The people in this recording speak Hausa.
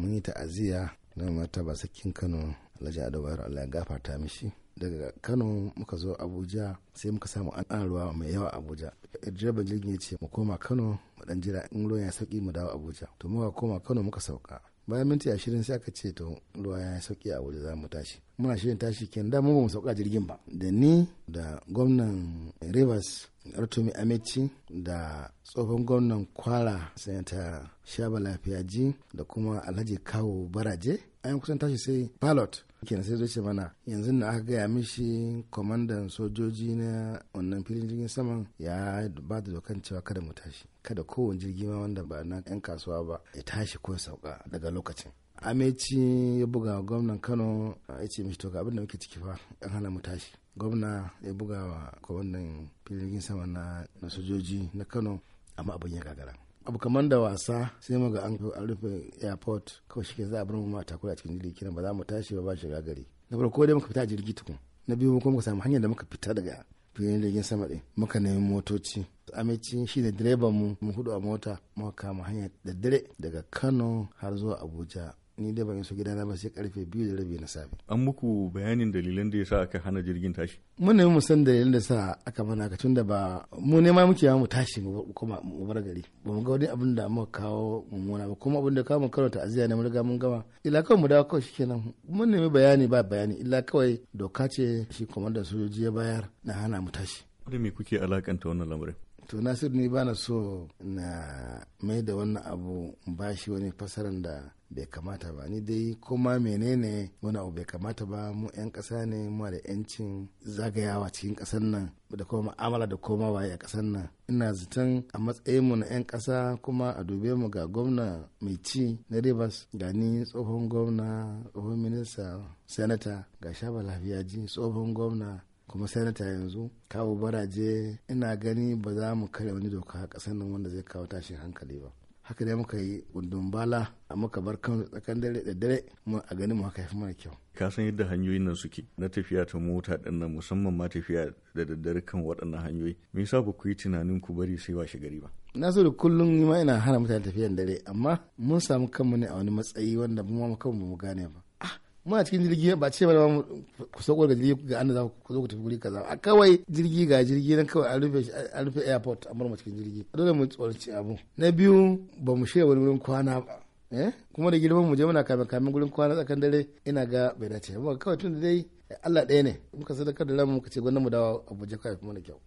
mun yi ta'aziyya na ba sakin kano alhaji ado bayar allah ya gafarta mishi daga kano muka zo abuja sai muka samu an ruwa mai yawa abuja direban jirgin ya ce mu koma kano mu dan jira in ruwan ya sauki mu dawo abuja to muka koma kano muka sauka bayan minti ashirin sai aka ce to ruwa ya sauki a abuja za mu tashi muna shirin tashi ken da mu ba mu sauka jirgin ba da ni da gwamnan rivers rotumi Amici. da tsohon gwamnan kwara senator shaba lafiyaji da kuma alhaji kawo baraje an kusan tashi sai pilot kenan sai ce mana yanzu na aka gaya mishi kwamandan sojoji na wannan filin jirgin saman ya ba da dokan cewa kada mu tashi kada kowane jirgi ma wanda ba na 'yan kasuwa ba ya tashi ko sauka daga lokacin ameci ya buga wa gwamnan kano ya ce mishi toka abinda da muke ciki fa an hana mu tashi gwamna ya buga wa kwamandan filin sama na sojoji na kano amma abin ya gagara abu kamar da wasa sai mu ga an rufe airport kawai shi ke za a bar mu ma takura a cikin jirgin kiran ba za mu tashi ba ba shiga gari na farko dai muka fita a jirgi tukun na biyu kuma muka samu hanyar da muka fita daga filin jirgin sama ɗin muka nemi motoci amici shi da direban mu mu hudu a mota muka kama hanya da dare daga kano har zuwa abuja ni dai ban iso gidana ba sai karfe biyu da rabi na safe an muku bayanin dalilan da yasa aka hana jirgin tashi muna yi musan dalilan da sa aka mana ka tunda ba mu ne ma muke mu tashi mu kuma mu bar gari ba mu ga wani abin da muka kawo mummuna ba kuma abin da kawo mu karo ta'aziyya ne mun riga mun gama Ila kawai mu dawo kawai shikenan mun nemi bayani ba bayani Ila kawai doka ce shi da sojoji ya bayar na hana mu tashi da me kuke alakanta wannan lamarin to nasiru ni bana so na mai da wannan abu ba shi wani fasaran da bai kamata ba ni dai kuma menene wani abu bai kamata ba mu 'yan kasa ne mu da 'yancin zagayawa cikin ƙasar nan da kuma ma'amala da koma waye a ƙasar nan ina zaton a matsayin mu na 'yan kasa kuma a dube mu ga gwamna mai ci na rivers ga ni tsohon gwamna tsohon minista senata ga shaba ji tsohon gwamna kuma sanata yanzu kawo baraje ina gani ba za mu kare wani doka a ƙasar nan wanda zai kawo tashin hankali ba haka dai muka yi gundun bala a muka bar kan tsakan dare da dare mu a ganin mu haka yafi mana kyau ka san yadda hanyoyin nan suke na tafiya ta mota din nan musamman ma tafiya da daddare kan waɗannan hanyoyi me yasa ba ku yi tunanin ku bari sai washe gari ba na so da kullum ma ina hana mutane tafiyan dare amma mun samu kanmu ne a wani matsayi wanda mu ma kanmu mu gane ba muna cikin jirgi ba ce ba ku sauko da jirgi ga annaza ku zo ku tafi guri kaza a kawai jirgi ga jirgi na kawai an rufe rufe airport a bar mu cikin jirgi dole mu tsorace abu na biyu ba mu shirya wani wurin kwana ba eh? kuma da girman mu je muna kamin kamin wurin kwana tsakan dare ina ga bai dace ba kawai tun da dai Allah ɗaya ne muka sadakar da ranmu muka ce gwamnati mu dawo Abuja kawai kuma da kyau